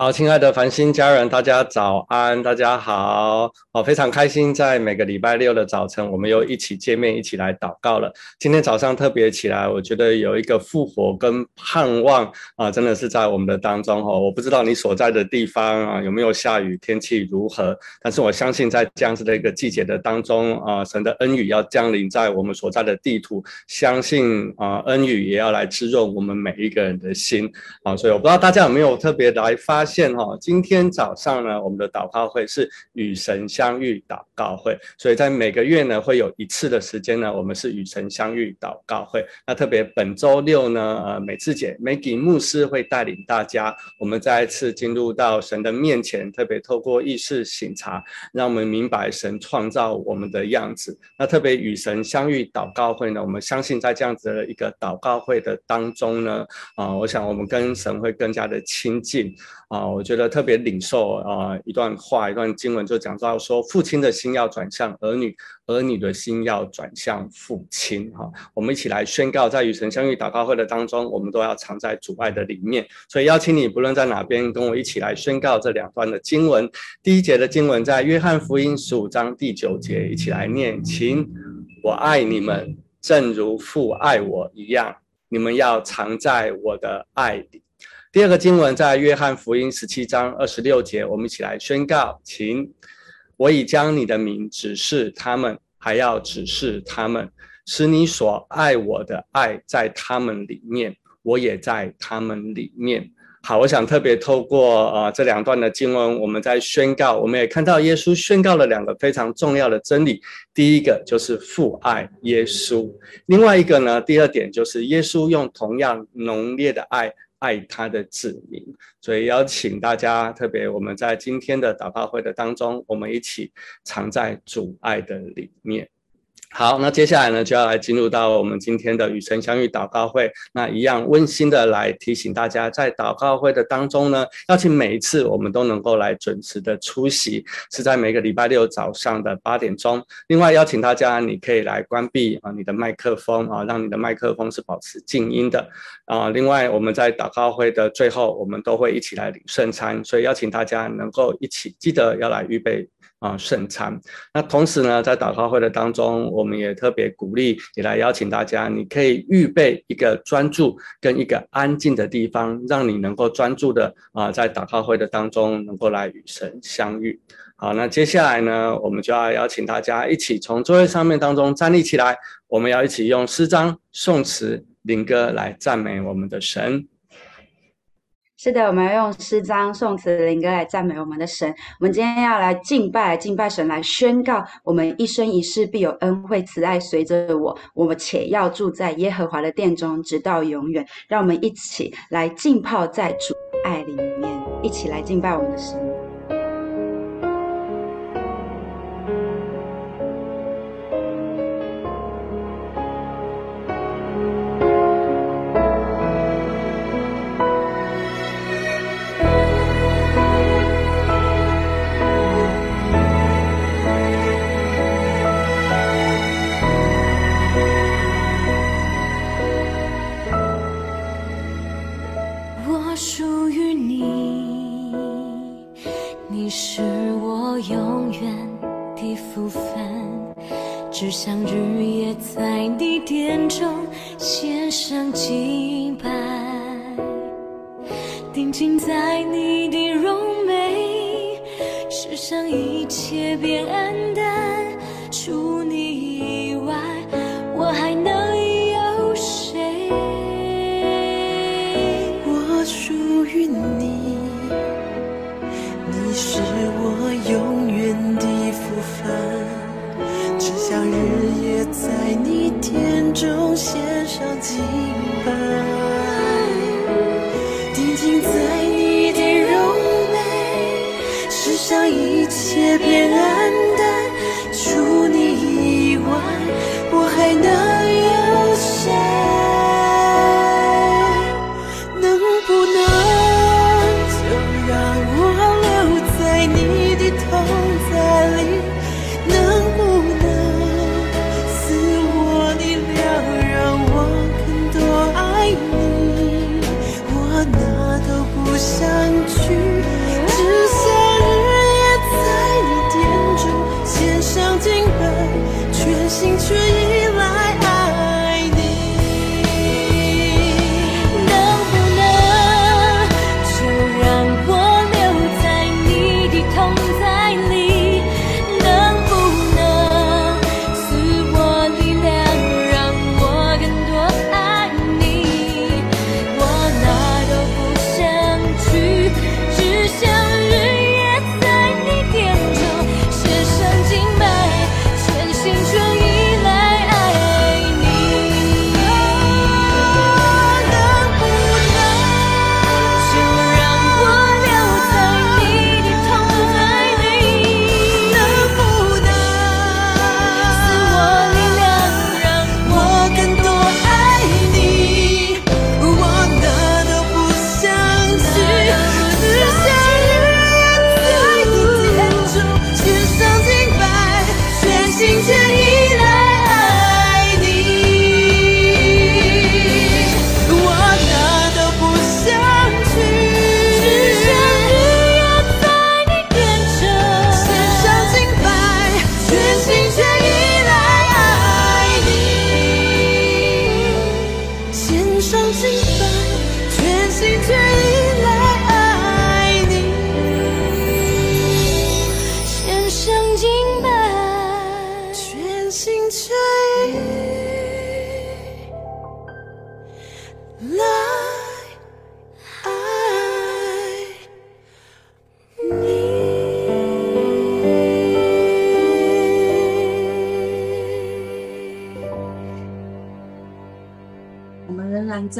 好，親愛的繁星家人，大家早安，大家好，哦，非常開心，在每個禮拜六的早晨，我們又一起見面，一起來禱告了。今天早上特別起來，我覺得有一個復活跟盼望啊、呃，真的是在我們的當中哈、哦。我不知道你所在的地方啊有沒有下雨，天氣如何，但是我相信在這樣子的一個季節的當中啊，神的恩雨要降臨在我們所在的地圖，相信啊恩雨也要來滋潤我們每一個人的心啊。所以我不知道大家有沒有特別來發。現哦，今天早上呢，我們的禱告會是與神相遇禱告會，所以在每個月呢，會有一次的時間呢，我們是與神相遇禱告會。那特別本周六呢，呃，美智姐、美吉牧師會帶領大家，我們再一次進入到神的面前，特別透過意識省察，讓我們明白神創造我們的樣子。那特別與神相遇禱告會呢，我們相信在這樣子的一個禱告會的當中呢，啊、呃，我想我們跟神會更加的親近啊。呃啊，我覺得特別領受啊、呃，一段話，一段經文就講到說，父親的心要轉向兒女，兒女的心要轉向父親。哈、啊，我們一起來宣告，在與神相遇禱告會的當中，我們都要藏在主愛的裡面。所以邀請你，不論在哪邊，跟我一起來宣告這兩段的經文。第一節的經文在約翰福音十五章第九節，一起來念：請我愛你們，正如父愛我一樣，你們要藏在我的愛裡。第二個經文在約翰福音十七章二十六節，我們一起來宣告：請我已將你的名指示他們，還要指示他們，使你所愛我的愛在他們裡面，我也在他們裡面。好，我想特別透過呃這兩段的經文，我們在宣告，我們也看到耶穌宣告了兩個非常重要的真理。第一個就是父愛耶穌，另外一個呢，第二點就是耶穌用同樣濃烈的愛。愛他的子民，所以邀請大家，特別我們在今天的禱告會的當中，我們一起藏在主愛的裡面。好，那接下來呢，就要來進入到我們今天的與神相遇禱告會。那一樣溫馨的來提醒大家，在禱告會的當中呢，邀請每一次我們都能夠來準時的出席，是在每個禮拜六早上的八點鐘。另外邀請大家，你可以來關閉啊你的麥克風啊，讓你的麥克風是保持靜音的啊。另外我們在禱告會的最後，我們都會一起來領聖餐，所以邀請大家能夠一起記得要來預備。啊，聖餐。那同時呢，在禱告會的當中，我們也特別鼓勵，也來邀請大家，你可以預備一個專注跟一個安靜的地方，讓你能夠專注的啊，在禱告會的當中，能夠來與神相遇。好，那接下來呢，我們就要邀請大家一起從座位上面當中站立起來，我們要一起用詩章、頌詞、靈歌來讚美我們的神。是的，我們要用詩章、頌詞、靈歌來讚美我們的神。我們今天要來敬拜、敬拜神，來宣告我們一生一世必有恩惠慈愛隨着我。我們且要住在耶和華的殿中，直到永遠。讓我們一起來浸泡在主愛裡面，一起來敬拜我們的神。永遠的福分，只想日夜在你殿中獻上敬拜，定睛在你的榮美，世上一切變黯淡，祝你。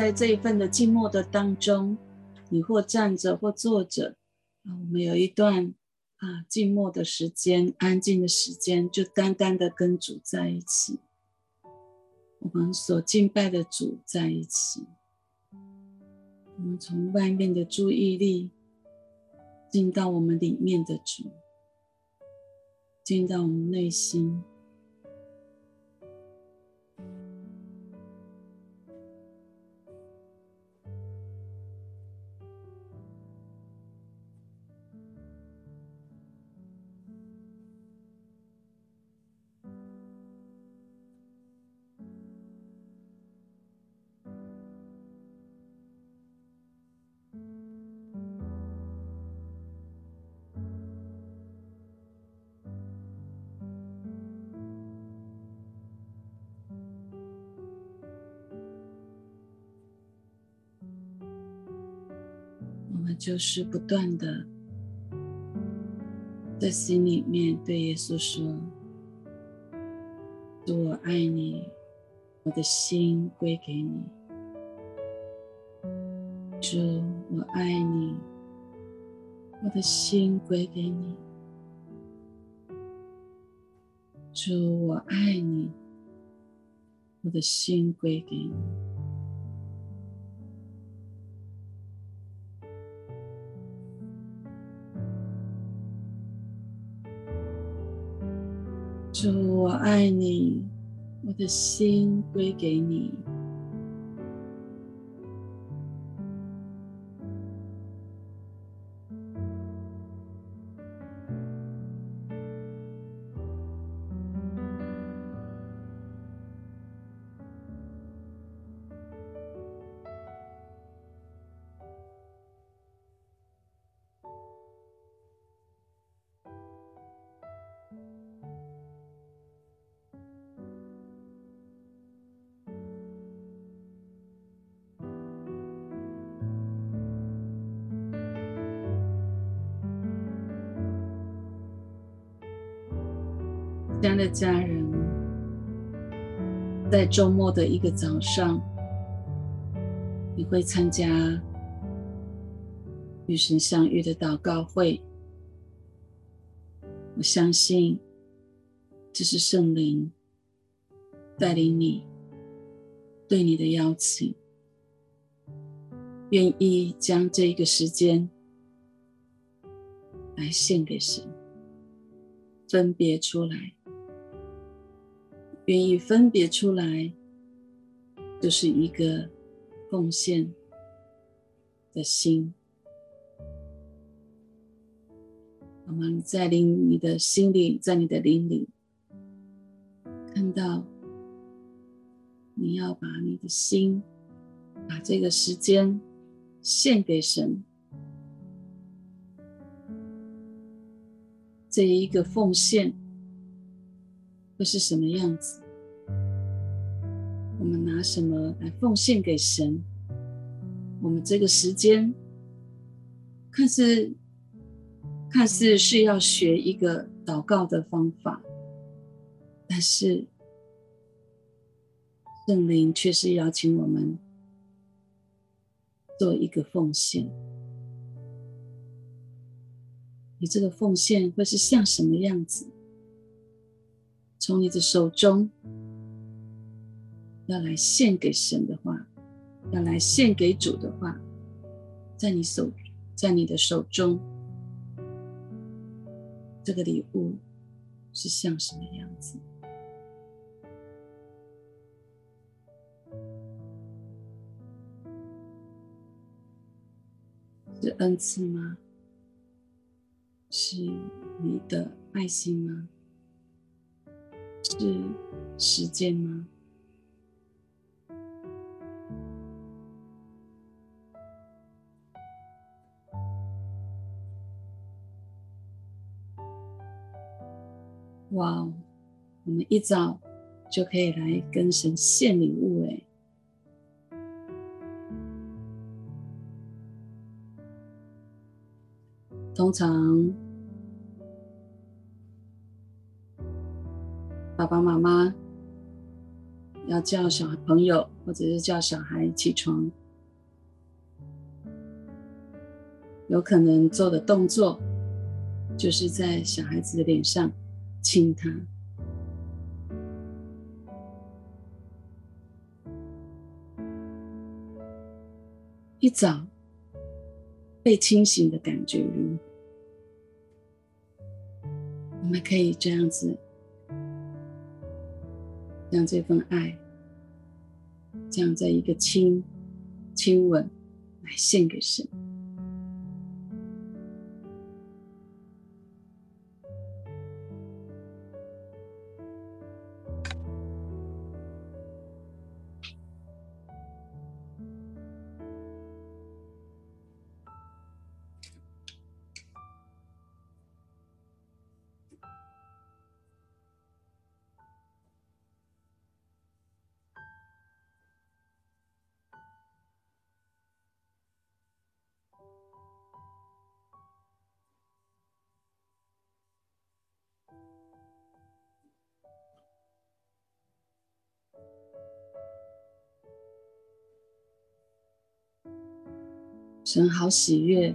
在這一份的靜默的當中，你或站着或坐着，啊，我們有一段啊靜默的時間，安靜的時間，就單單的跟主在一起，我們所敬拜的主在一起，我們從外面的注意力進到我們裡面的主，進到我們內心。就是不斷的在心裡面對耶穌說：“主，我愛你，我的心歸給你。”主，我愛你，我的心歸給你。主，我愛你，我的心歸給你。主，我愛你，我的心歸給你。家人，在週末的一個早上，你會參加與神相遇的禱告會。我相信這是聖靈帶領你對你的邀請，願意將這個時間來獻給神，分別出來。願意分別出來，就是一個奉獻的心，我們在靈，你的心靈，在你的靈裡，看到，你要把你的心，把這個時間獻給神，這一個奉獻會是什麼樣子？我們拿什麼來奉獻給神？我們這個時間看似看似是要學一個禱告的方法，但是聖靈卻是邀請我們做一個奉獻。你這個奉獻會是像什麼樣子？從你的手中要來獻給神的話，要來獻給主的話，在你手，在你的手中，這個禮物是像什麼樣子？是恩賜嗎？是你的愛心嗎？是時間嗎？哇哦，我們一早就可以來跟神獻禮物哎。通常，爸爸媽媽要叫小朋友，或者是叫小孩起床，有可能做的動作就是在小孩子的臉上親他，一早被清醒的感覺，如我們可以這樣子。將這，這份愛，這樣在一個親親吻，來獻給神。神好喜悅，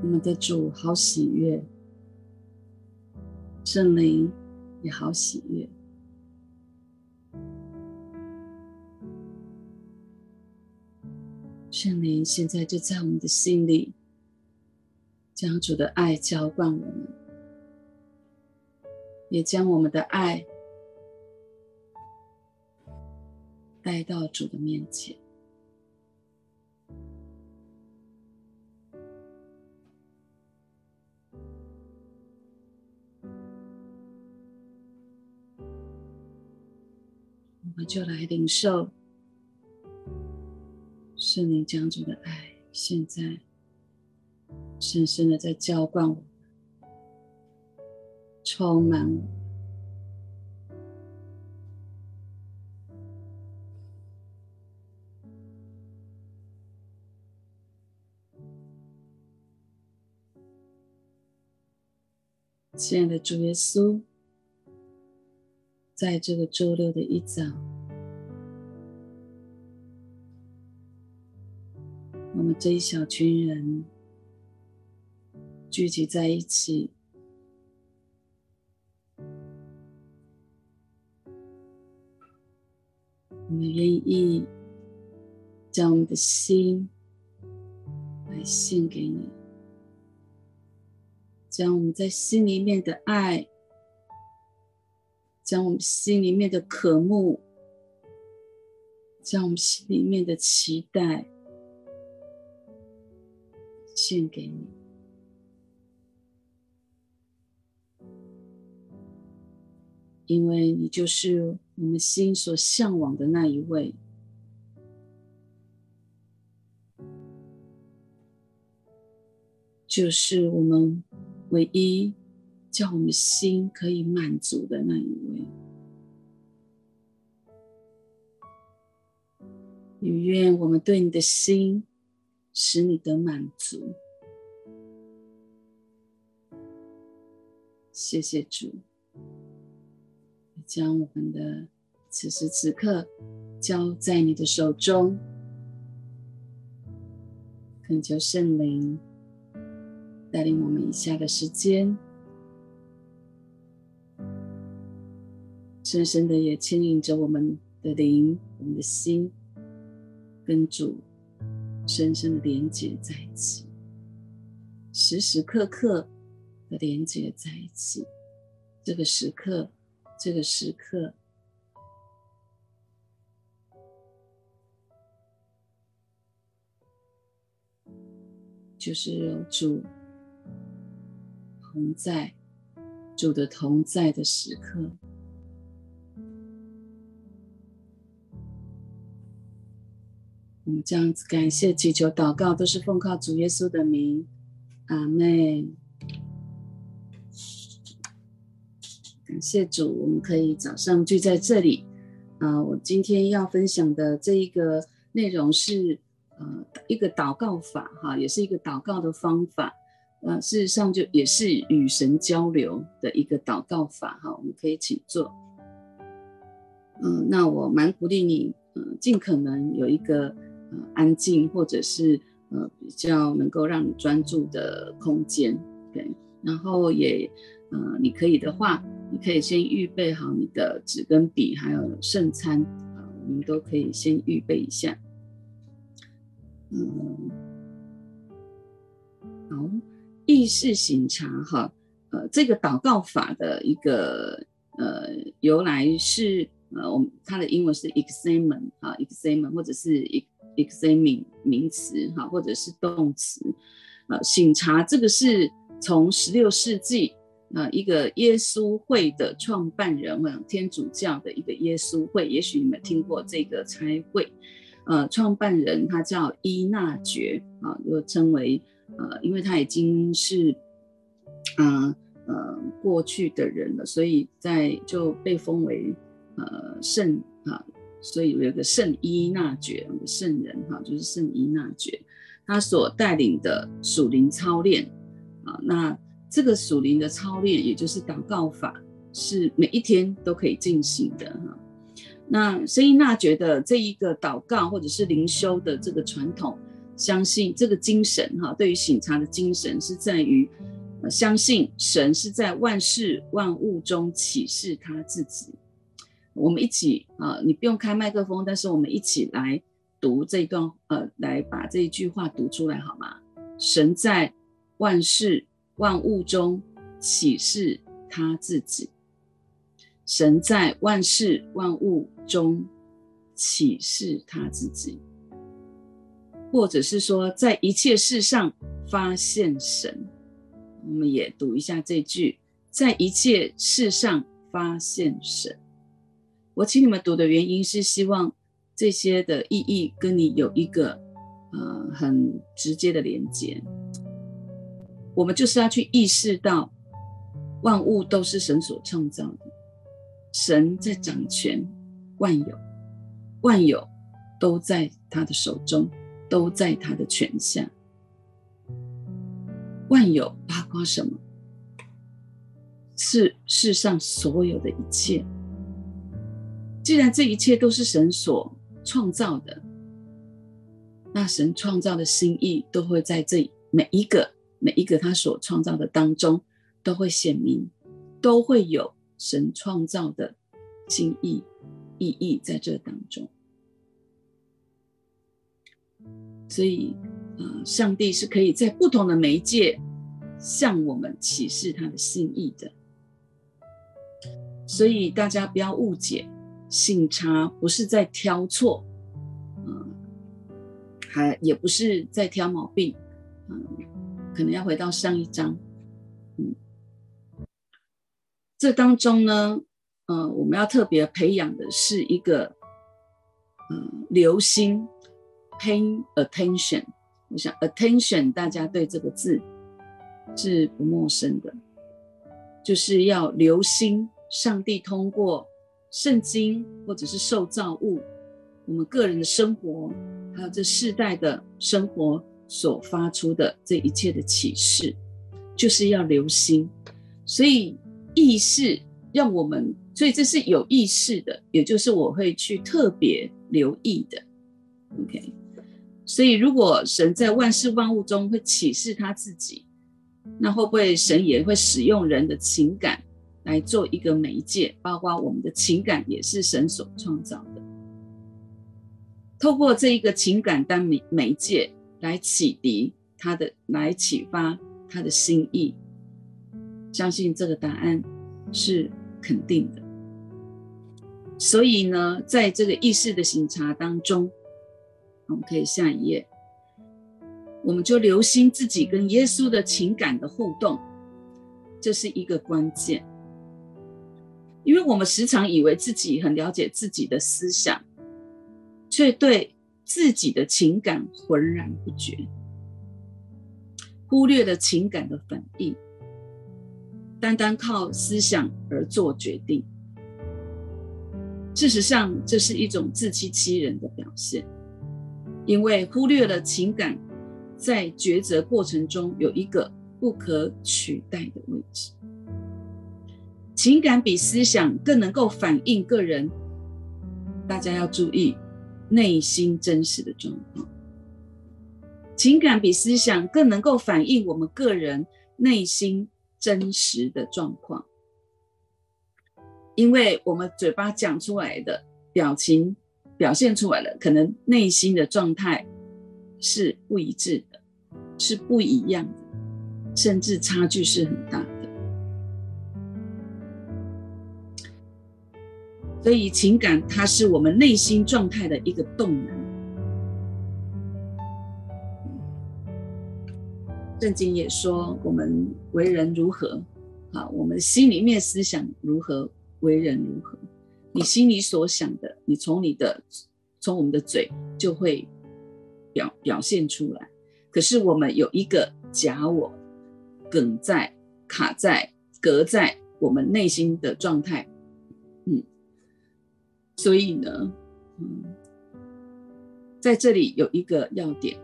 我們的主好喜悅，聖靈也好喜悅。聖靈現在就在我們的心裡，將主的愛澆灌我們，也將我們的愛帶到主的面前。我就來領受聖靈將主的愛，現在深深的在澆灌我們，充滿我們。親愛的主耶穌。在這個週六的一早，我們這一小群人聚集在一起，我們願意將我們的心來獻給你，將我們在心裡面的愛。將我們心裡面的渴慕，將我們心裡面的期待獻給你，因為你就是我們心所向往的那一位，就是我們唯一。叫我們心可以滿足的那一位，你願我們對你的心使你得滿足。謝謝主，將我們的此時此刻交在你的手中，懇求聖靈帶領我們以下的時間。深深的也牽引着我們的靈，我們的心，跟主深深的連接在一起，時時刻刻的連接在一起。這個時刻，這個時刻，就是有主同在，主的同在的時刻。我、嗯、們這樣子感謝祈求禱告，都是奉靠主耶穌的名，阿門。感謝主，我們可以早上聚在這裡啊、呃。我今天要分享的這一個內容是呃一個禱告法哈，也是一個禱告的方法。呃，事實上就也是與神交流的一個禱告法哈。我們可以請坐。嗯，那我蠻鼓勵你，嗯、呃，盡可能有一個。嗯、安靜，或者是呃比較能夠讓你專注的空間，對。然後也呃，你可以的話，你可以先預備好你的紙跟筆，還有聖餐啊，我、呃、們都可以先預備一下。嗯，好，意識省察哈，呃，這個禱告法的一個呃由來是呃，我們它的英文是 examen 啊、呃、，examen 或者是一。examining 名詞哈，或者是動詞，呃，省察，這個是從十六世紀呃一個耶穌會的創辦人，天主教的一個耶穌會，也許你們聽過這個差會，呃，創辦人他叫依納爵啊、呃，又稱為呃，因為他已經是嗯嗯、呃呃、過去的人了，所以在就被封為呃聖啊。所以有一個聖依納爵，聖人哈，就是聖依納爵，他所帶領的屬靈操練啊，那這個屬靈的操練，也就是禱告法，是每一天都可以進行的哈。那聖依納爵的這一個禱告或者是靈修的這個傳統，相信這個精神哈，對於省察的精神是在於，相信神是在萬事萬物中啟示他自己。我們一起啊、呃，你不用開麥克風，但是我們一起來讀這一段，呃，來把這一句話讀出來好嗎？神在萬事萬物中啟示他自己。神在萬事萬物中啟示他自己，或者是說在一切事上發現神。我們也讀一下這句，在一切事上發現神。我請你們讀的原因是，希望這些的意義跟你有一個，呃，很直接的連結。我們就是要去意識到，萬物都是神所創造的，神在掌權，萬有，萬有都在他的手中，都在他的權下。萬有包括什麼？是世上所有的一切。既然這一切都是神所創造的，那神創造的心意都會在這每一個每一個他所創造的當中都會顯明，都會有神創造的心意意義在這當中。所以，呃，上帝是可以在不同的媒介向我們啟示他的心意的。所以，大家不要誤解。省察不是在挑錯，嗯，還也不是在挑毛病，嗯，可能要回到上一章，嗯，這當中呢，嗯、呃，我們要特別培養的是一個，嗯、呃，留心，pay attention，我想 attention 大家對這個字是不陌生的，就是要留心上帝通過，聖經，或者是受造物，我們個人的生活，還有這世代的生活所發出的這一切的啟示，就是要留心。所以意識讓我們，所以這是有意識的，也就是我會去特別留意的。OK，所以如果神在萬事萬物中會啟示他自己，那會不會神也會使用人的情感？來做一個媒介，包括我們的情感也是神所創造的。透過這一個情感當媒媒介來啟迪他的，來啟發他的心意。相信這個答案是肯定的。所以呢，在這個意識的省察當中，我們可以下一頁，我們就留心自己跟耶穌的情感的互動，這是一個關鍵。因為我們時常以為自己很了解自己的思想，却對自己的情感渾然不覺，忽略了情感的反應，單單靠思想而做決定。事實上，這是一種自欺欺人的表現，因為忽略了情感在抉擇過程中有一個不可取代的位置。情感比思想更能夠反映個人，大家要注意內心真實的狀況。情感比思想更能夠反映我們個人內心真實的狀況，因為我們嘴巴講出來的、表情表現出來的，可能內心的狀態是不一致的，是不一樣的，甚至差距是很大的。所以，情感它是我們內心狀態的一個動能。嗯，聖經也說，我們為人如何，好，我們心裡面思想如何，為人如何。你心裡所想的，你從你的，從我們的嘴就會表表現出來。可是，我們有一個假我，梗在、卡在、隔在我們內心的狀態。所以呢，嗯，在這裡有一個要點，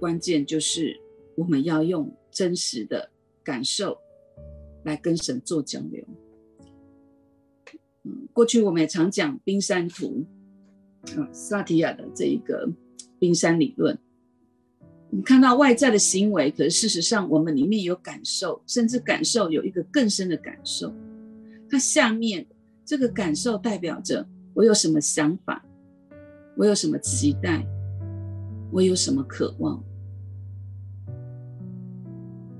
關鍵就是我們要用真實的感受來跟神做交流。嗯，過去我們也常講冰山圖，啊，薩提亞的這一個冰山理論，你看到外在的行為，可是事實上我們裡面有感受，甚至感受有一個更深的感受，那下面這個感受代表着。我有什麼想法？我有什麼期待？我有什麼渴望？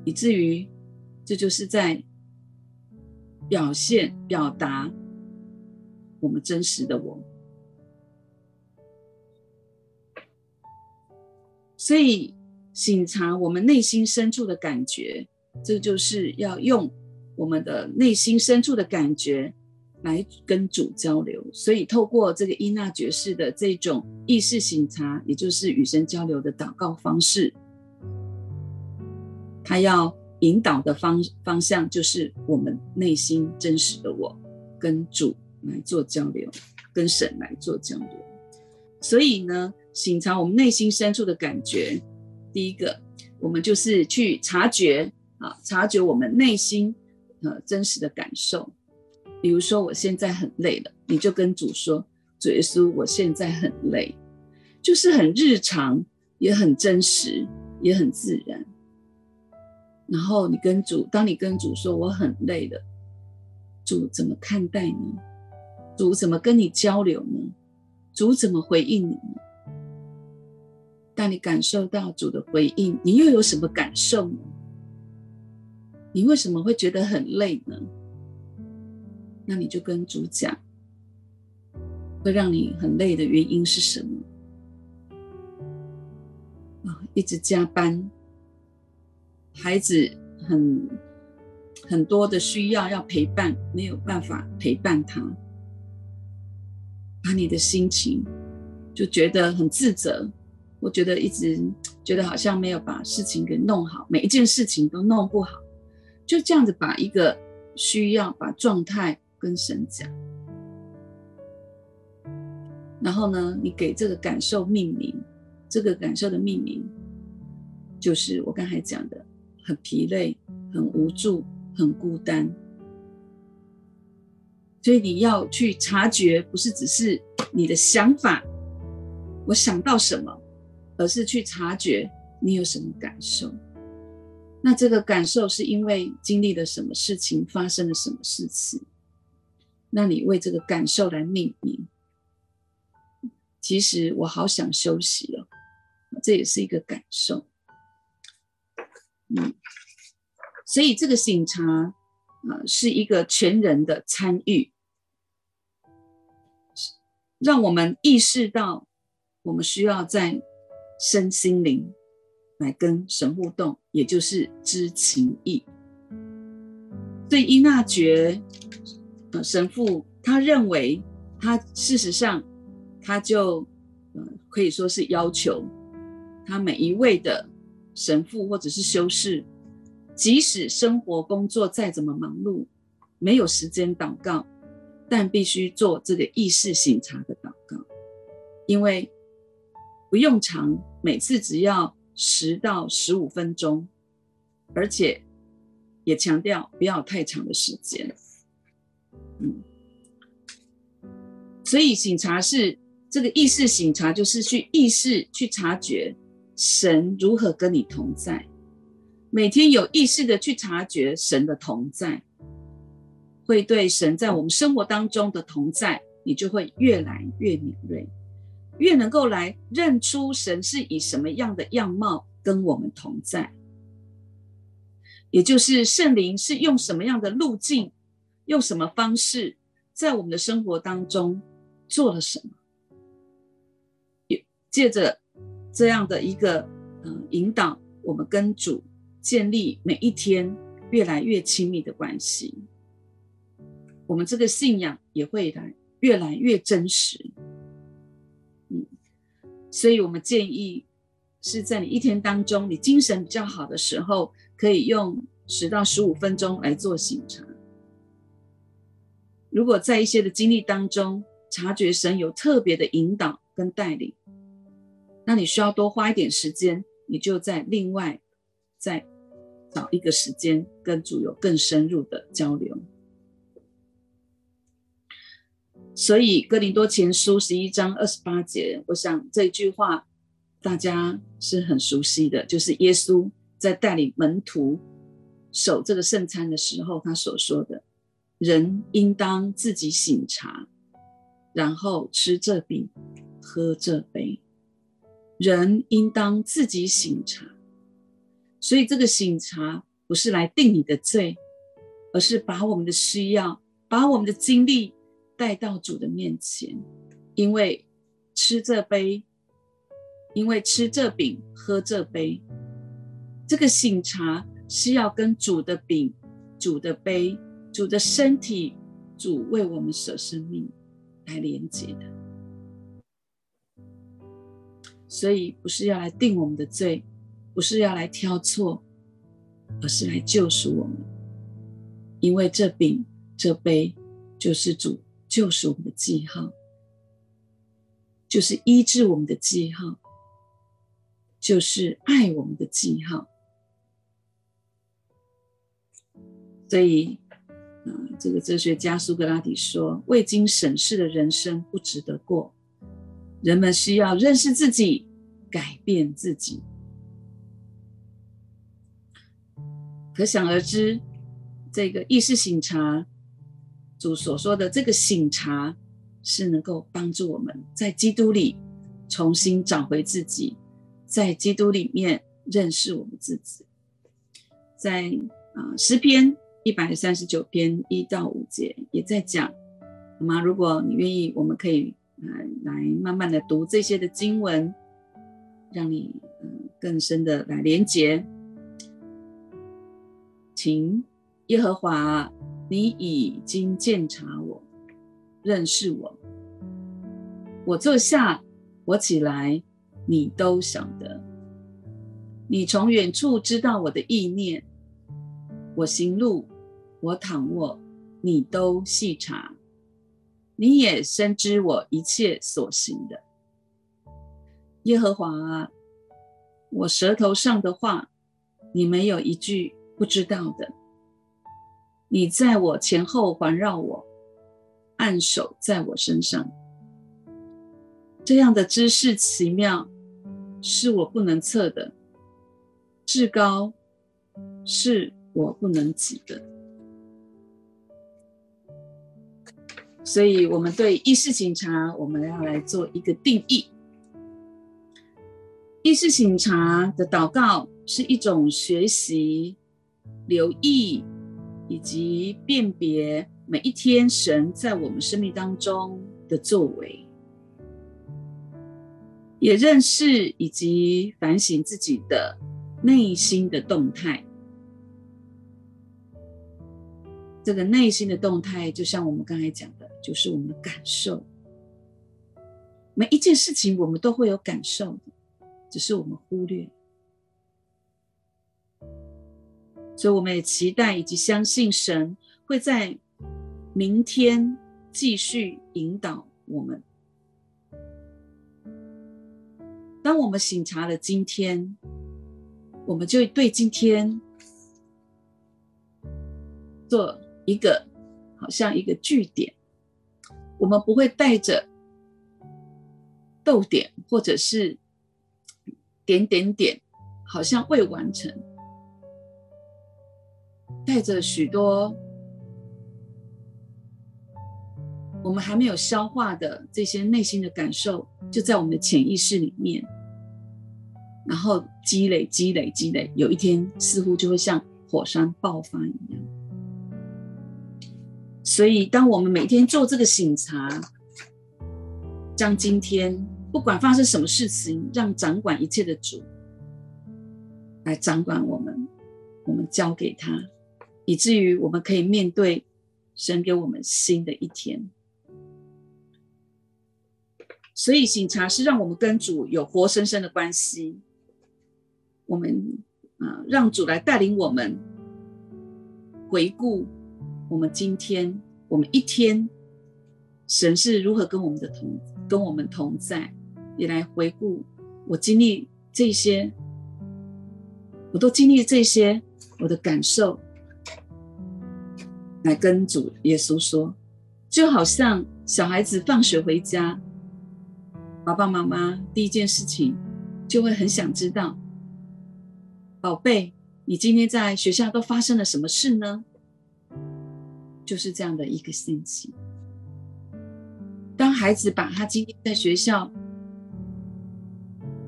以至於，這就是在表現、表達我們真實的我。所以，省察我們內心深處的感覺，這就是要用我們的內心深處的感覺。來跟主交流，所以透過這個依納爵式的這種意識省察，也就是與神交流的禱告方式，他要引導的方方向就是我們內心真實的我，跟主來做交流，跟神來做交流。所以呢，省察我們內心深處的感覺，第一個，我們就是去察覺啊，察覺我們內心呃真實的感受。比如說，我現在很累了，你就跟主說：“主耶穌，我現在很累，就是很日常，也很真實，也很自然。”然後你跟主，當你跟主說我很累了，主怎麼看待你？主怎麼跟你交流呢？主怎麼回應你呢？當你感受到主的回應，你又有什麼感受呢？你為什麼會覺得很累呢？那你就跟主講，會讓你很累的原因是什麼？啊，一直加班，孩子很很多的需要要陪伴，沒有辦法陪伴他，把、啊、你的心情就覺得很自責。我覺得一直覺得好像沒有把事情給弄好，每一件事情都弄不好，就這樣子把一個需要把狀態。跟神講，然後呢，你給這個感受命名，這個感受的命名就是我剛才講的，很疲累、很無助、很孤單。所以你要去察覺，不是只是你的想法，我想到什麼，而是去察覺你有什麼感受。那這個感受是因為經歷了什麼事情，發生了什麼事情。那你為這個感受來命名，其實我好想休息哦。這也是一個感受，嗯，所以這個省察，呃，是一個全人的參與，讓我們意識到我們需要在身心靈來跟神互動，也就是知情意。對伊納爵神父他認為，他事實上他就呃可以說是要求他每一位的神父或者是修士，即使生活工作再怎麼忙碌，沒有時間禱告，但必須做這個意識省察的禱告，因為不用長，每次只要十到十五分鐘，而且也強調不要太長的時間。嗯，所以省察是這個意識省察，就是去意識去察覺神如何跟你同在。每天有意識的去察覺神的同在，會對神在我們生活當中的同在，你就會越來越敏銳，越能夠來認出神是以什麼樣的樣貌跟我們同在，也就是聖靈是用什麼樣的路徑。用什麼方式，在我們的生活當中做了什麼？也借着這樣的一個嗯引導，我們跟主建立每一天越來越親密的關係，我們這個信仰也會來越來越真實。嗯，所以我們建議是在你一天當中，你精神比較好的時候，可以用十到十五分鐘來做省察。如果在一些的經歷當中，察覺神有特別的引導跟帶領，那你需要多花一點時間，你就在另外再找一個時間跟主有更深入的交流。所以哥林多前書十一章二十八節，我想這句話大家是很熟悉的，就是耶穌在帶領門徒守這個聖餐的時候，他所說的。人應當自己省察，然後吃這餅，喝這杯。人應當自己省察，所以這個省察不是來定你的罪，而是把我們的需要，把我們的精力帶到主的面前。因為吃這杯，因為吃這餅，喝這杯，這個省察是要跟主的餅、主的杯。主的身體，主為我們舍生命來連接的，所以不是要來定我們的罪，不是要來挑錯，而是來救贖我們。因為這餅這杯就，就是主救贖我們的記號，就是醫治我們的記號，就是愛我們的記號，所以。啊、嗯，這個哲學家蘇格拉底說：“未經審視的人生不值得過。”人們需要認識自己，改變自己。可想而知，這個意識省察主所說的這個省察，是能夠幫助我們在基督裡重新找回自己，在基督裡面認識我們自己。在啊、呃，詩篇。一百三十九篇一到五節也在講，好嗎？如果你願意，我們可以嗯來，來慢慢的讀這些的經文，讓你嗯更深的來連接。請耶和華，你已經鑒察我，認識我，我坐下，我起來，你都曉得。你從遠處知道我的意念。我行路，我躺臥，你都細察；你也深知我一切所行的。耶和華啊，我舌頭上的話，你沒有一句不知道的。你在我前後環繞我，按手在我身上。這樣的知識奇妙，是我不能測的。至高是。我不能及的，所以，我們對意識省察我們要來做一個定義。意識省察的禱告是一種學習、留意以及辨別每一天神在我們生命當中的作為，也認識以及反省自己的內心的動態。這個內心的動態，就像我們剛才講的，就是我們的感受。每一件事情，我們都會有感受的，只是我們忽略。所以，我們也期待以及相信神會在明天繼續引導我們。當我們省察了今天，我們就對今天做一個好像一個句點，我們不會帶着逗點或者是點點點，好像未完成，帶着許多我們還沒有消化的這些內心的感受，就在我們的潛意識裡面，然後積累積累積累，有一天似乎就會像火山爆發一樣。所以，當我們每天做這個省察，將今天不管發生什麼事情，讓掌管一切的主來掌管我們，我們交給他，以至於我們可以面對神給我們新的一天。所以，省察是讓我們跟主有活生生的關係。我們啊、呃，讓主來帶領我們回顧。我們今天，我們一天，神是如何跟我們的同跟我們同在，也來回顧我經歷這些，我都經歷這些，我的感受，來跟主耶穌說，就好像小孩子放學回家，爸爸媽媽第一件事情就會很想知道，寶貝，你今天在學校都發生了什麼事呢？就是這樣的一個星期，當孩子把他今天在學校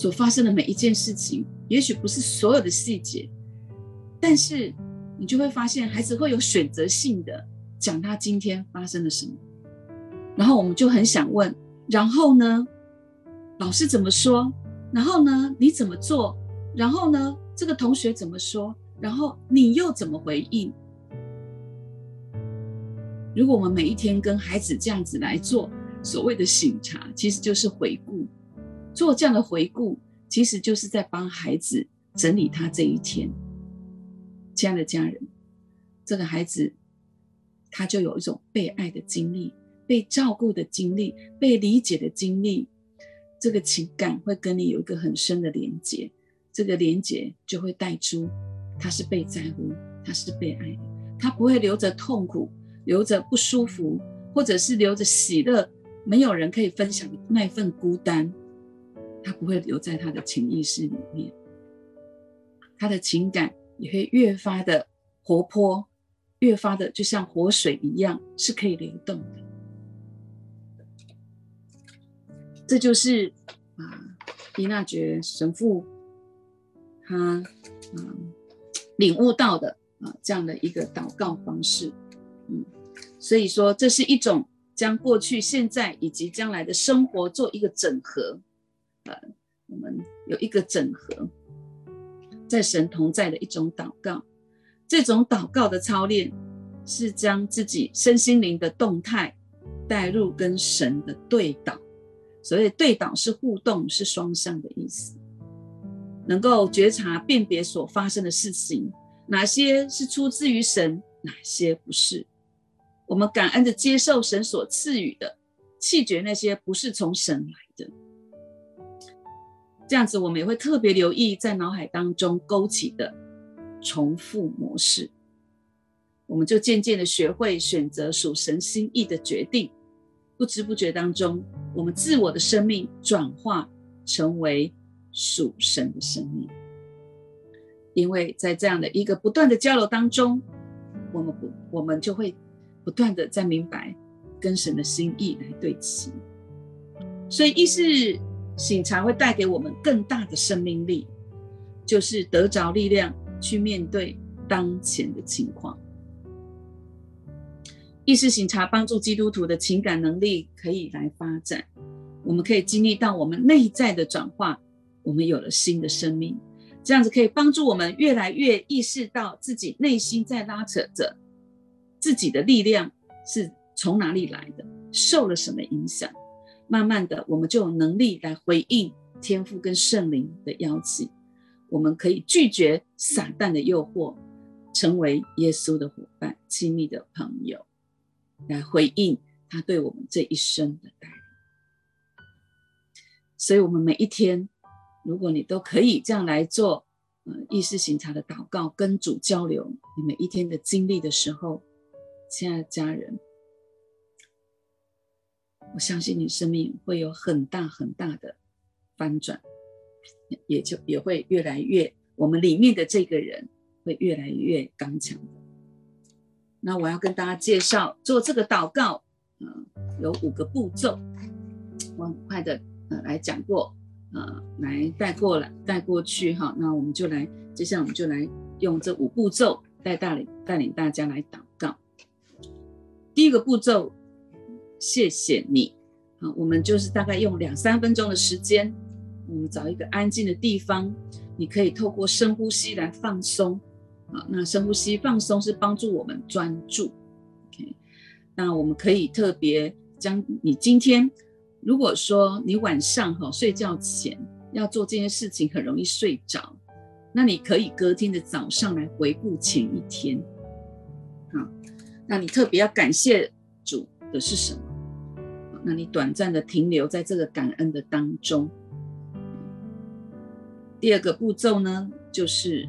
所發生的每一件事情，也許不是所有的細節，但是你就會發現，孩子會有選擇性的講他今天發生了什麼。然後我們就很想問：然後呢？老師怎麼說？然後呢？你怎麼做？然後呢？這個同學怎麼說？然後你又怎麼回應？如果我們每一天跟孩子這樣子來做所謂的省察，其實就是回顧，做這樣的回顧，其實就是在幫孩子整理他這一天。親愛的家人，這個孩子他就有一種被愛的經歷、被照顧的經歷、被理解的經歷，這個情感會跟你有一個很深的連結，這個連結就會帶出他是被在乎、他是被愛的，他不會留着痛苦。留着不舒服，或者是留着喜樂，沒有人可以分享那份孤單，他不會留在他的潛意識裡面，他的情感也會越發的活潑，越發的就像活水一樣，是可以流動的。這就是啊，依納爵神父他嗯、啊、領悟到的啊這樣的一個禱告方式。所以說，這是一種將過去、現在以及將來的生活做一個整合。呃，我們有一個整合，在神同在的一種禱告。這種禱告的操練是將自己身心靈的動態帶入跟神的對禱，所以對禱是互動，是雙向的意思，能夠覺察辨別所發生的事情，哪些是出自於神，哪些不是。我們感恩的接受神所賜予的，棄絕那些不是從神來的。這樣子，我們也會特別留意在腦海當中勾起的重複模式。我們就漸漸的學會選擇屬神心意的決定，不知不覺當中，我們自我的生命轉化成為屬神的生命。因為在這樣的一個不斷的交流當中，我們不，我們就會。不斷的在明白跟神的心意來對齊，所以意識省察會帶給我們更大的生命力，就是得着力量去面對當前的情況。意識省察幫助基督徒的情感能力可以來發展，我們可以經歷到我們內在的轉化，我們有了新的生命，這樣子可以幫助我們越來越意識到自己內心在拉扯着。自己的力量是從哪裡來的？受了什麼影響？慢慢的，我們就有能力來回應天父跟聖靈的邀請。我們可以拒絕撒旦的誘惑，成為耶穌的夥伴、親密的朋友，來回應他對我們這一生的待遇。所以，我們每一天，如果你都可以這樣來做，嗯，意識省察的禱告，跟主交流，你每一天的經歷的時候。親愛的家人，我相信你生命會有很大很大的翻轉，也就也會越來越，我們裡面的這個人會越來越剛強。那我要跟大家介紹做這個禱告，嗯，有五個步驟，我很快的呃來講過，呃，來帶過來帶過去哈，那我們就來，接下來我們就來用這五步驟帶大領帶領大家來禱告。第一個步驟，謝謝你，好，我們就是大概用兩三分鐘的時間，我們找一個安靜的地方，你可以透過深呼吸來放鬆，啊，那深呼吸放鬆是幫助我們專注，OK，那我們可以特別將你今天，如果說你晚上哈、哦、睡覺前要做這件事情很容易睡着，那你可以隔天的早上來回顧前一天。那你特別要感謝主的是什麼？那你短暫的停留在這個感恩的當中。嗯，第二個步驟呢，就是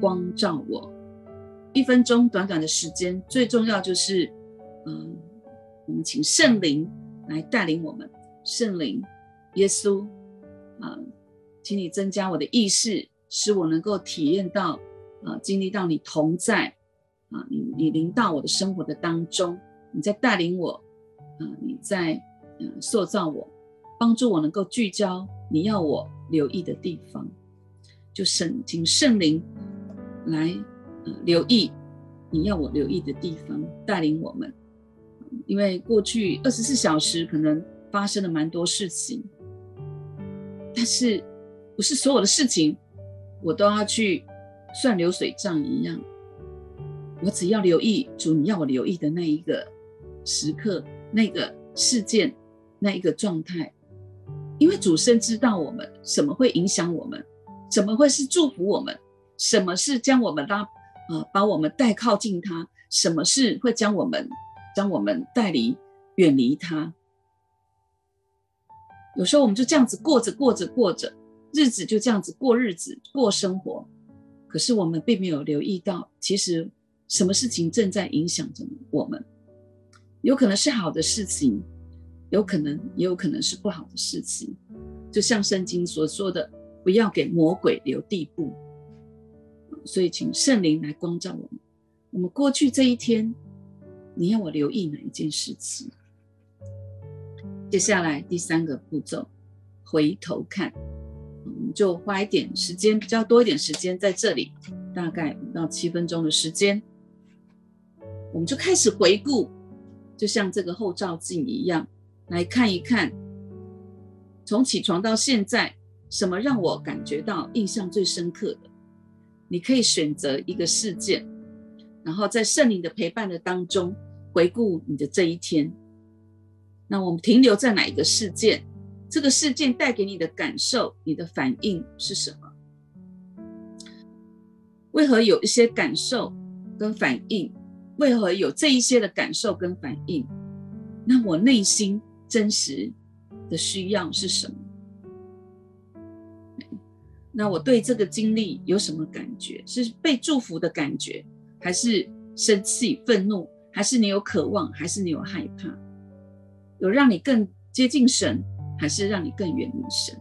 光照我。一分鐘短短的時間，最重要就是，嗯，我們請聖靈來帶領我們。聖靈，耶穌，啊，請你增加我的意識，使我能夠體驗到，啊，經歷到你同在。啊，你你臨到我的生活的當中，你在帶領我，啊，你在塑造我，幫助我能夠聚焦你要我留意的地方，就請聖靈來留意你要我留意的地方，帶領我們，因為過去二十四小時可能發生了蠻多事情，但是不是所有的事情我都要去算流水賬一樣。我只要留意主，你要我留意的那一個時刻、那個事件、那一個狀態，因為主深知道我們什麼會影響我們，什麼會是祝福我們，什麼是將我們拉啊、呃，把我們帶靠近他，什麼是會將我們將我們帶離遠離他。有時候我們就這樣子過着過着過着日子，就這樣子過日子過生活，可是我們並沒有留意到，其實。什麼事情正在影響着我們？有可能是好的事情，有可能也有可能是不好的事情。就像聖經所說的，不要給魔鬼留地步。所以，請聖靈來光照我們。我們過去這一天，你要我留意哪一件事情？接下來第三個步驟，回頭看。我們就花一點時間，比較多一點時間在這裡，大概五到七分鐘的時間。我們就開始回顧，就像這個後照鏡一樣，來看一看，從起床到現在，什麼讓我感覺到印象最深刻的？你可以選擇一個事件，然後在聖靈的陪伴的當中回顧你的這一天。那我們停留在哪一個事件？這個事件帶給你的感受，你的反應是什麼？為何有一些感受跟反應？為何有這一些的感受跟反應？那我內心真實的需要是什麼？那我對這個經歷有什麼感覺？是被祝福的感覺，還是生氣、憤怒？還是你有渴望？還是你有害怕？有讓你更接近神，還是讓你更遠離神？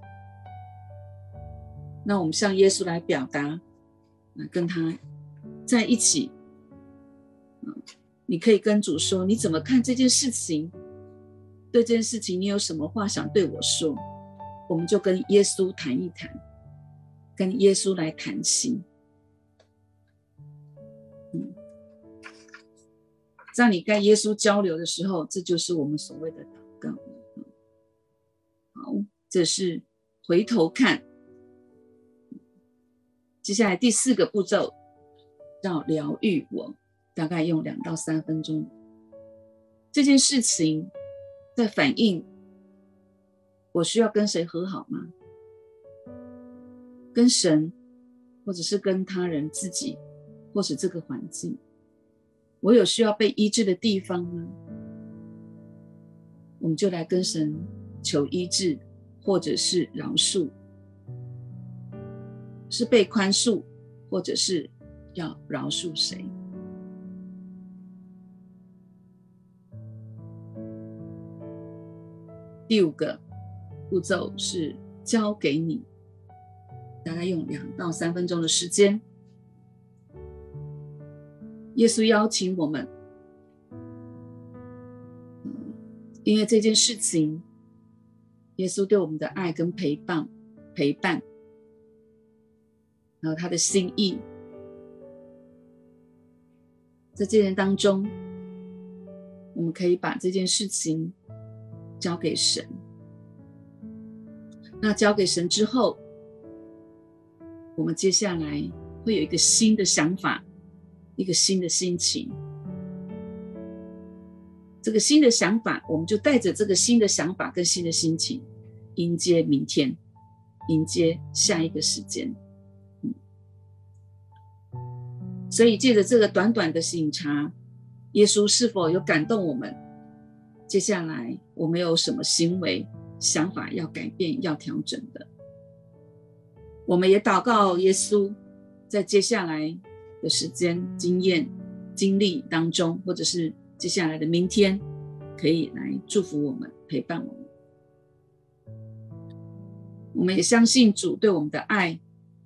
那我們向耶穌來表達，跟他在一起。你可以跟主說，你怎麼看這件事情？對這件事情，你有什麼話想對我說？我們就跟耶穌談一談，跟耶穌來談心。嗯，在你跟耶穌交流的時候，這就是我們所謂的禱告。嗯，好，這是回頭看。嗯，接下來第四個步驟叫療癒我。大概用兩到三分鐘。這件事情在反映，我需要跟誰和好嗎？跟神，或者是跟他人、自己，或者這個環境，我有需要被醫治的地方嗎？我們就來跟神求醫治，或者是饒恕，是被寬恕，或者是要饒恕誰？第五個步驟是交給你，大概用兩到三分鐘的時間。耶穌邀請我們，因為這件事情，耶穌對我們的愛跟陪伴，陪伴，還有他的心意，在這件當中，我們可以把這件事情。交給神，那交給神之後，我們接下來會有一個新的想法，一個新的心情。這個新的想法，我們就帶着這個新的想法跟新的心情，迎接明天，迎接下一個時間。嗯，所以借着這個短短的省察，耶穌是否有感動我們？接下來我們有什麼行為、想法要改變、要調整的？我們也禱告耶穌，在接下來的時間、經驗、經歷當中，或者是接下來的明天，可以來祝福我們、陪伴我們。我們也相信主對我們的愛，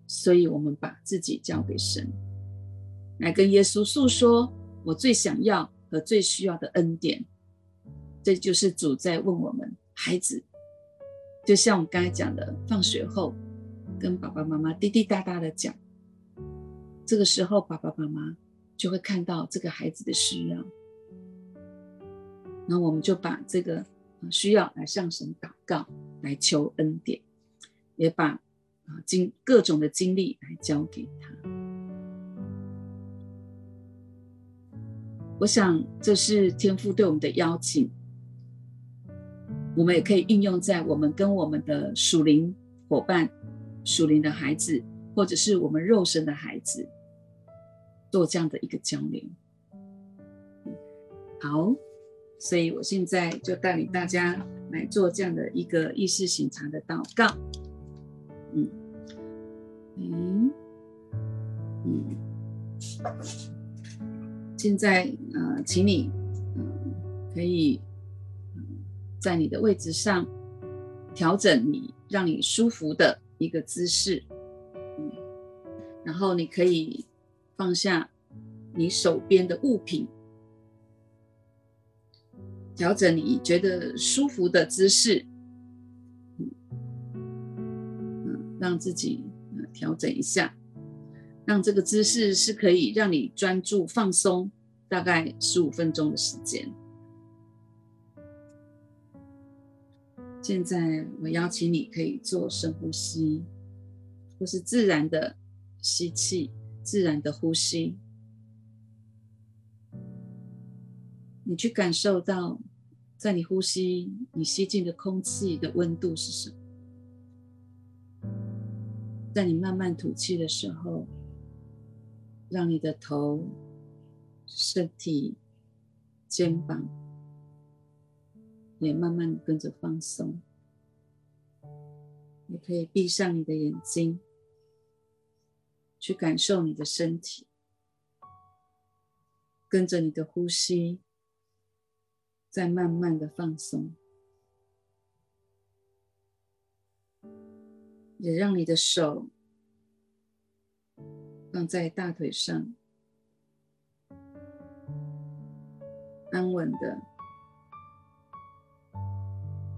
所以我們把自己交給神，來跟耶穌訴說我最想要和最需要的恩典。這就是主在問我們孩子，就像我們剛才講的，放學後跟爸爸媽媽滴滴答答的講，這個時候爸爸、媽媽就會看到這個孩子的需要，那我們就把這個需要來向神禱告，來求恩典，也把啊經各種的經歷來交給他。我想這是天父對我們的邀請。我們也可以運用在我們跟我們的屬靈夥伴、屬靈的孩子，或者是我們肉身的孩子，做這樣的一個交流，嗯。好，所以我現在就帶領大家來做這樣的一個意識省察的禱告。嗯，嗯，嗯現在呃，請你嗯、呃、可以。在你的位置上調整你讓你舒服的一個姿勢，嗯，然後你可以放下你手邊的物品，調整你覺得舒服的姿勢，嗯嗯，讓自己呃調整一下，讓這個姿勢是可以讓你專注放鬆大概十五分鐘的時間。現在我邀請你，可以做深呼吸，或是自然的吸氣、自然的呼吸。你去感受到，在你呼吸、你吸進的空氣的溫度是什麼？在你慢慢吐氣的時候，讓你的頭、身體、肩膀，也慢慢跟着放鬆，你可以閉上你的眼睛，去感受你的身體，跟着你的呼吸，再慢慢的放鬆，也讓你的手放在大腿上，安穩的。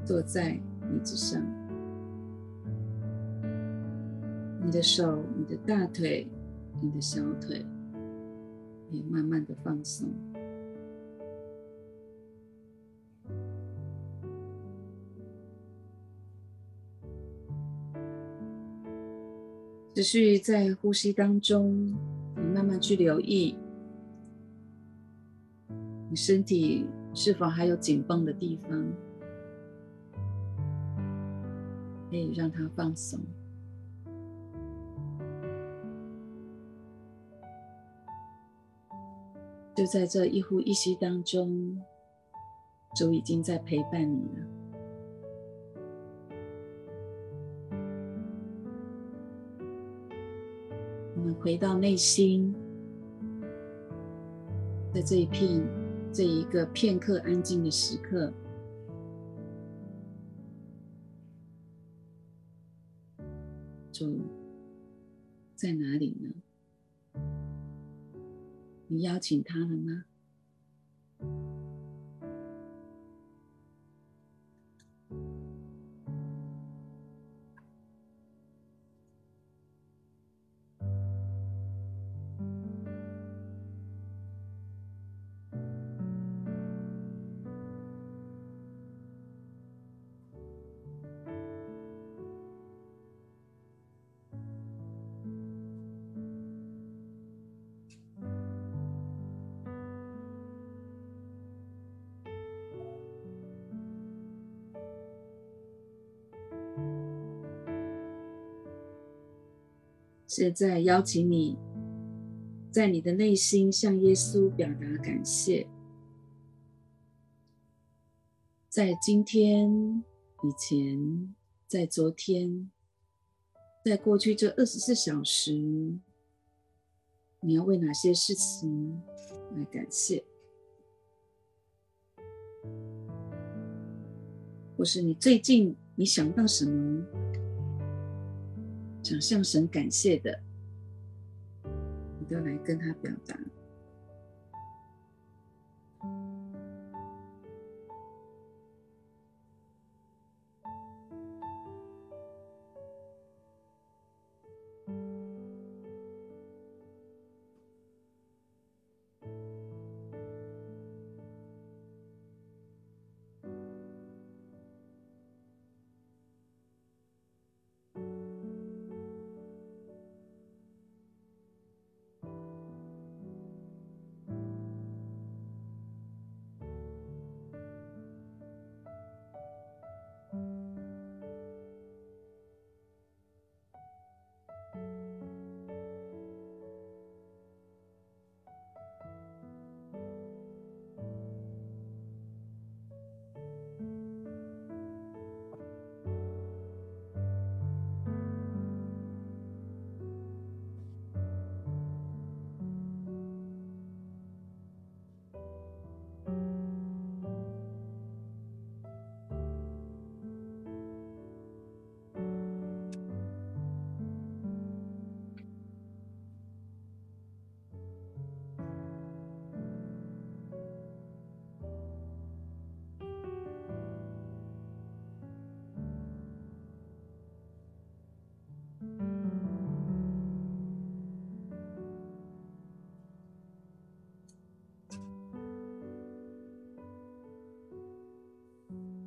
坐在椅子上，你的手、你的大腿、你的小腿也慢慢的放鬆。只需在呼吸當中，你慢慢去留意，你身體是否還有緊繃的地方。可以讓他放鬆，就在這一呼一吸當中，就已經在陪伴你了。我們回到內心，在這一片這一個片刻安靜的時刻。就在哪裡呢？你邀請他了嗎？現在邀請你，在你的內心向耶穌表達感謝。在今天、以前、在昨天、在過去這二十四小時，你要為哪些事情來感謝？或是你最近你想到什麼？想向神感謝的，你都來跟他表達。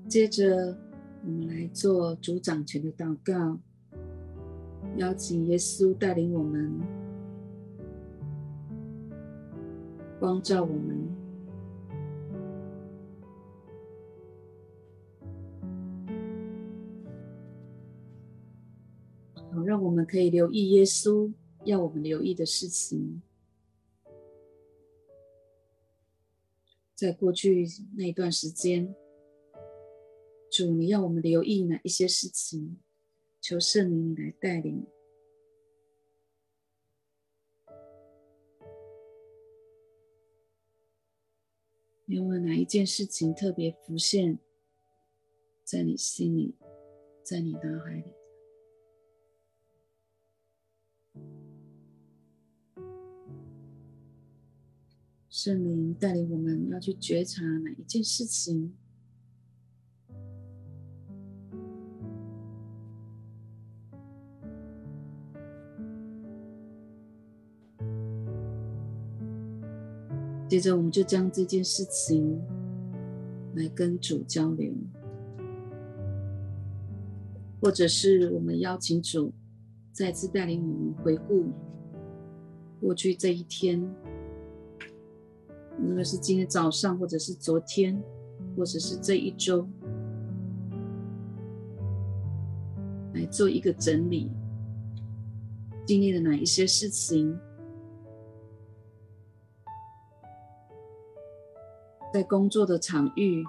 接着，我們來做主掌權的禱告，邀請耶穌帶領我們，光照我們，好，讓我們可以留意耶穌要我們留意的事情。在過去那一段時間。主，你要我們留意哪一些事情？求聖靈你來帶領。因為哪一件事情特別浮現在你心裡，在你的腦海裡？聖靈帶領我們要去覺察哪一件事情？接着，我們就將這件事情來跟主交流，或者是我們邀請主再次帶領我們回顧過去這一天，無論是今天早上，或者是昨天，或者是這一周，來做一個整理，經歷了哪一些事情。在工作的場域，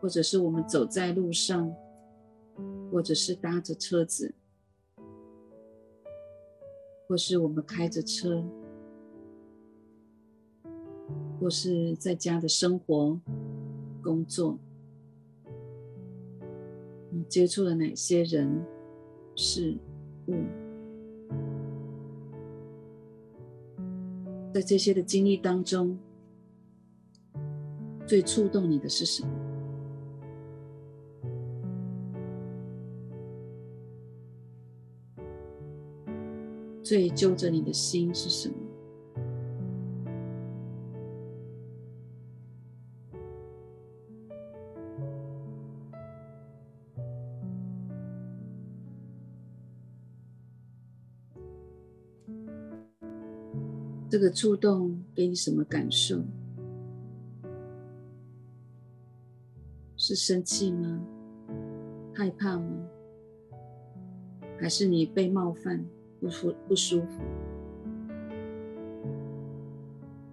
或者是我們走在路上，或者是搭着車子，或是我們開着車，或是在家的生活、工作，你接觸了哪些人、事、物？在這些的經歷當中，最觸動你的是什麼？最揪着你的心是什麼？這個觸動給你什麼感受？是生氣嗎？害怕嗎？還是你被冒犯，不舒不舒服？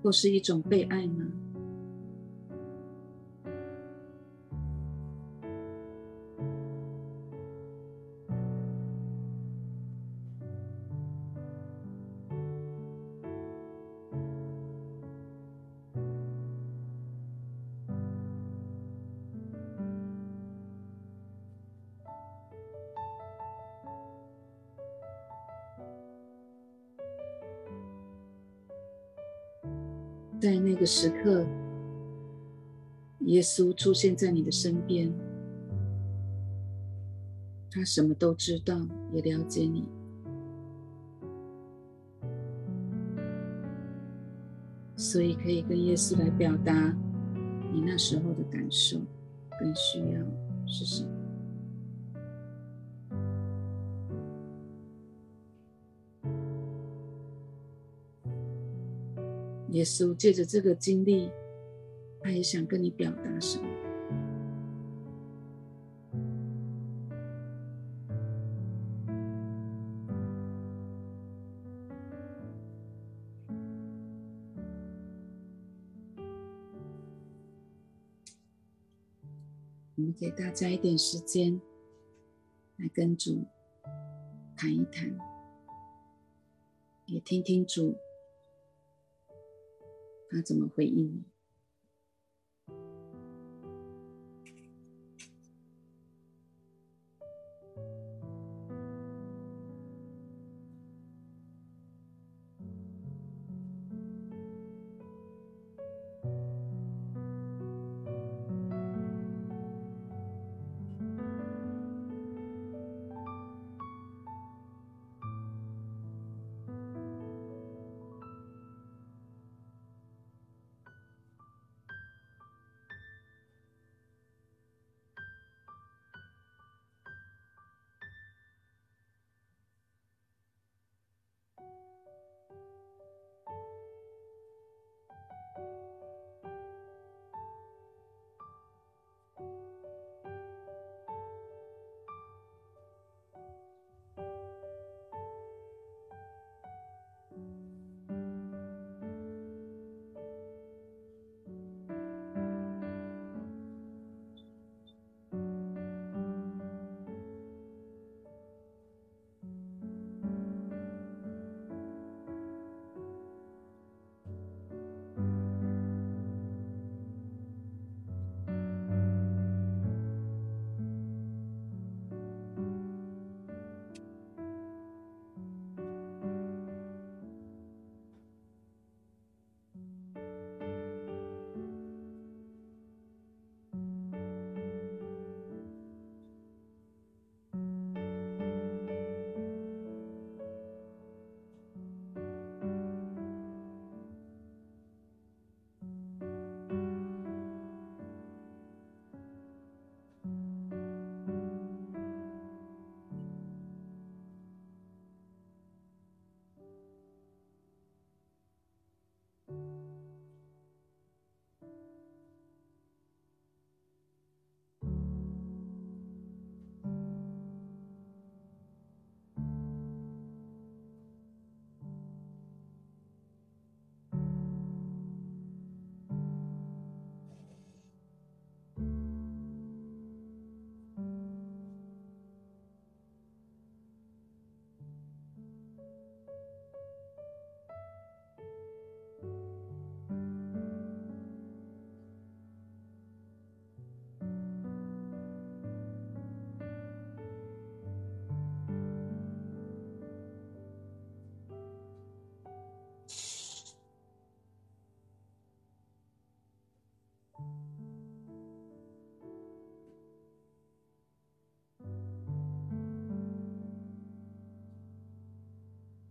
或是一種被愛嗎？在那個時刻，耶穌出現在你的身邊，他什麼都知道，也了解你，所以可以跟耶穌來表達你那時候的感受跟需要是什麼。耶穌借着這個經歷，他也想跟你表達什麼？我們給大家一點時間，來跟主談一談，也聽聽主。他怎麼回應你？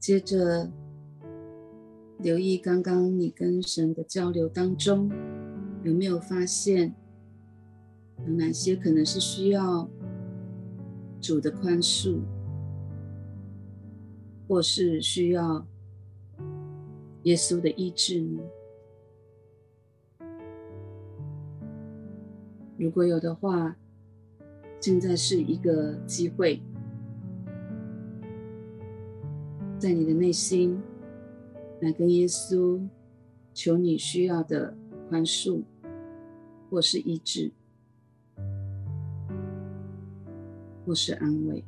接着，留意剛剛你跟神的交流當中，有沒有發現有哪些可能是需要主的寬恕，或是需要耶穌的醫治呢？如果有的話，現在是一個機會。在你的內心，來跟耶穌求你需要的寬恕，或是醫治，或是安慰。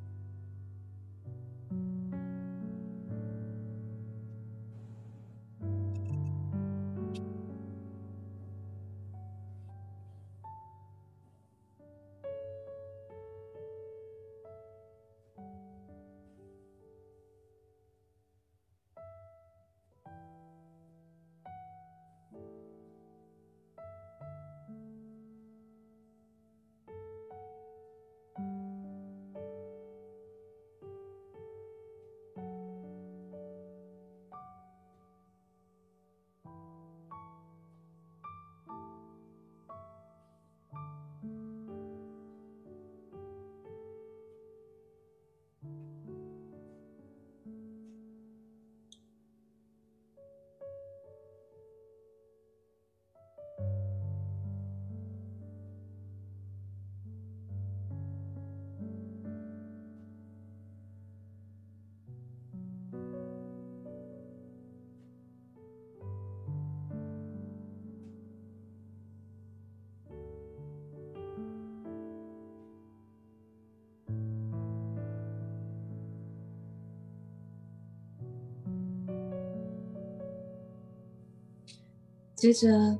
接着，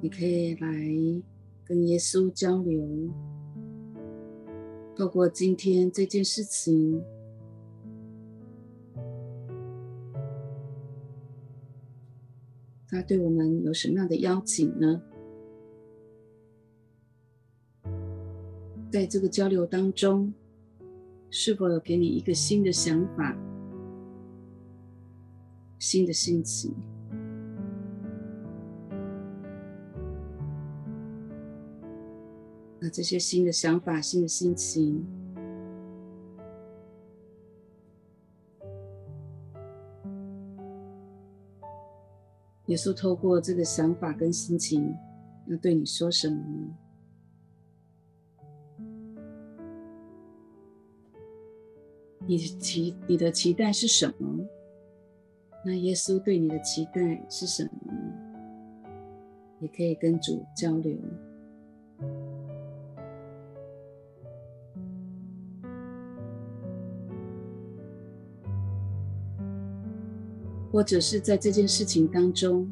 你可以來跟耶穌交流，透過今天這件事情，他對我們有什麼樣的邀請呢？在這個交流當中，是否有給你一個新的想法、新的心情？那這些新的想法、新的心情，耶穌透過這個想法跟心情，要對你說什麼呢？你期，你的期待是什麼？那耶穌對你的期待是什麼呢？也可以跟主交流。或者是在這件事情當中，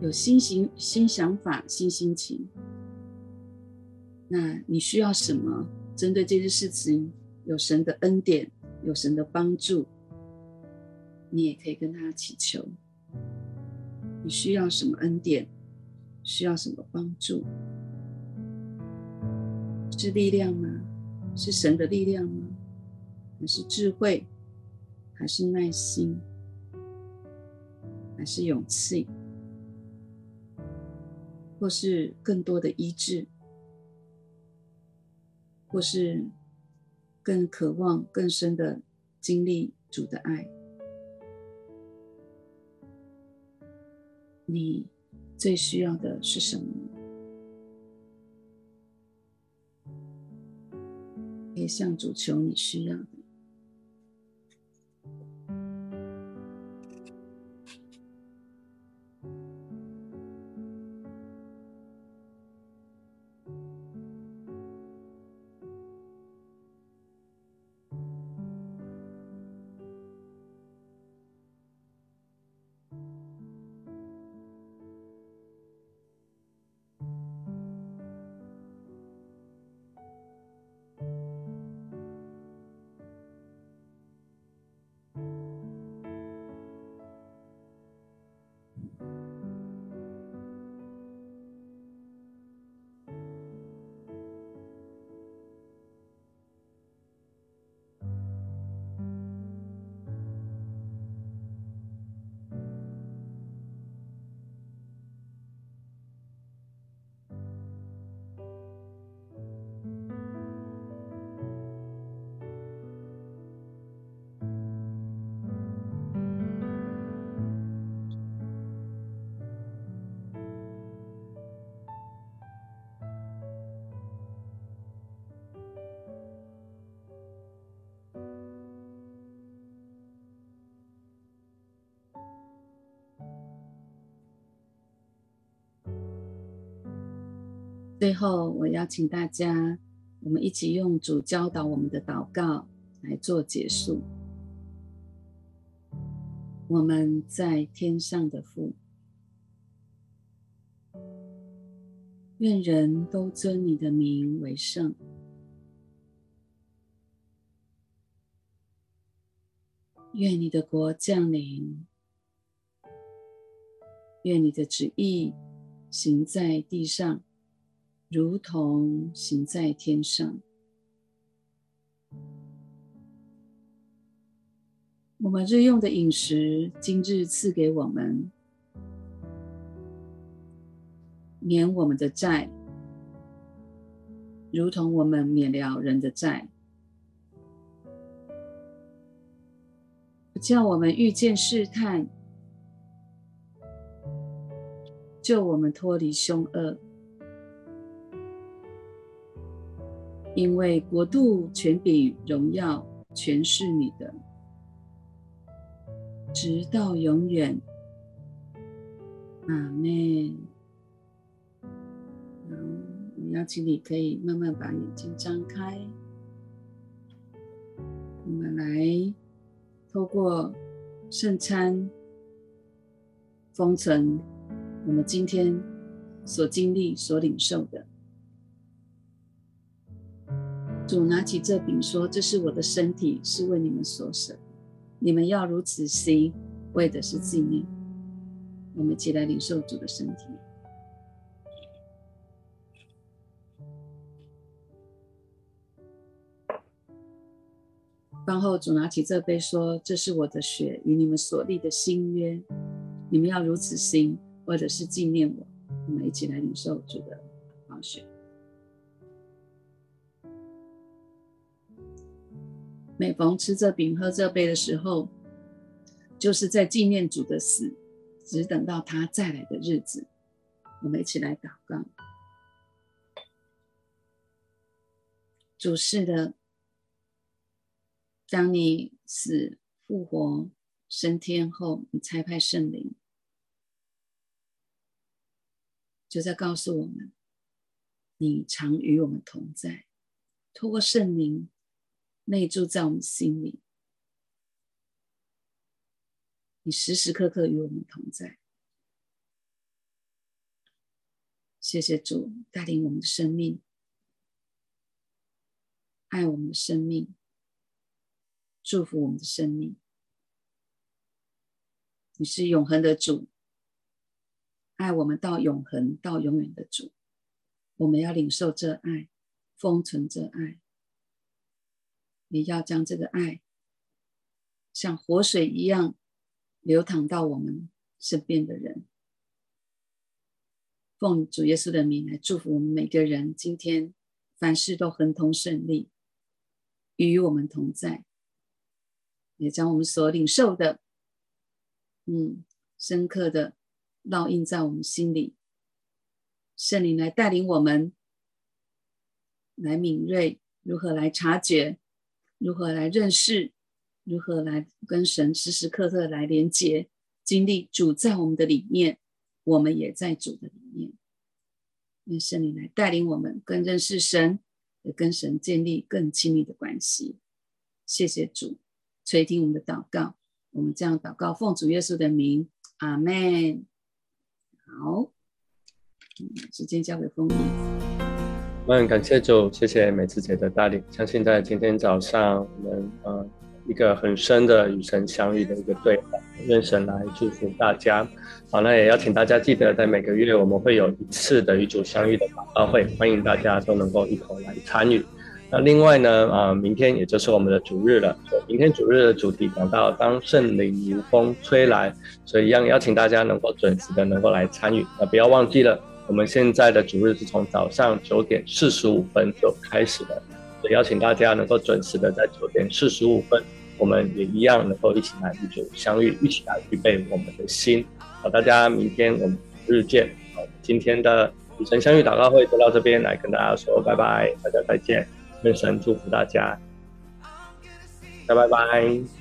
有新型、新想法、新心、心情。那你需要什麼？針對這件事情，有神的恩典，有神的幫助，你也可以跟他祈求。你需要什麼恩典？需要什麼幫助？是力量嗎？是神的力量嗎？還是智慧？還是耐心，還是勇氣，或是更多的意志，或是更渴望更深的經歷主的愛，你最需要的是什麼？可以向主求你需要的。最後，我邀請大家，我們一起用主教導我們的禱告來做結束。我們在天上的父，願人都尊你的名為聖。願你的國降臨。願你的旨意行在地上，如同行在天上，我們日用的飲食，今日賜給我們，免我們的債，如同我們免了人的債，不叫我們遇見試探，救我們脫離兇惡。因為國度、權柄、榮耀，全是你的，直到永遠。阿們，然後我邀請你可以慢慢把眼睛張開。我們來透過聖餐封存我們今天所經歷、所領受的。主拿起這餅說：“這是我的身體，是為你們所舍，你們要如此行，為的是紀念。”我們一起來領受主的身體。飯後，主拿起這杯說：“這是我的血，與你們所立的新約，你們要如此行，為的是紀念我。”我們一起來領受主的寶血。每逢吃這餅、喝這杯的時候，就是在紀念主的死，只等到他再來的日子。我們一起來禱告：主是的，當你死、復活、升天後，你差派聖靈，就在告訴我們：你常與我們同在，透過聖靈。內住在我們心裡，你時時刻刻與我們同在。謝謝主帶領我們的生命，愛我們的生命，祝福我們的生命。你是永恆的主，愛我們到永恆，到永遠的主。我們要領受這愛，封存這愛。你要將這個愛像活水一樣流淌到我們身邊的人。奉主耶穌的名來祝福我們每個人，今天凡事都亨通順利，與我們同在，也將我們所領受的，嗯，深刻的烙印在我們心裡。聖靈來帶領我們，來敏銳如何來察覺。如何來認識？如何來跟神時時刻刻來連接？經歷主在我們的裡面，我們也在主的裡面。願聖靈來帶領我們，更認識神，也跟神建立更親密的關係。謝謝主垂聽我們的禱告。我們這樣禱告：奉主耶穌的名，阿門。好，時間交給風儀。那感謝主，謝謝美姿姐的帶領。相信在今天早上，我們呃一個很深的與神相遇的一個對話，願神來祝福大家。好，那也邀請大家記得，在每個月我們會有一次的與主相遇的禱告會，歡迎大家都能夠一同來參與。那另外呢，啊、呃，明天也就是我們的主日了，明天主日的主題講到當聖靈如風吹來，所以一樣邀請大家能夠準時的能夠來參與，啊，不要忘記了。我們現在的主日是從早上九點四十五分就開始了，所以邀請大家能夠準時的在九點四十五分，我們也一樣能夠一起來一起相遇，一起來預備我們的心。好，大家明天我們日見。好，今天的與神相遇禱告會就到這邊來跟大家說拜拜，大家再見，願神祝福大家，大家拜拜。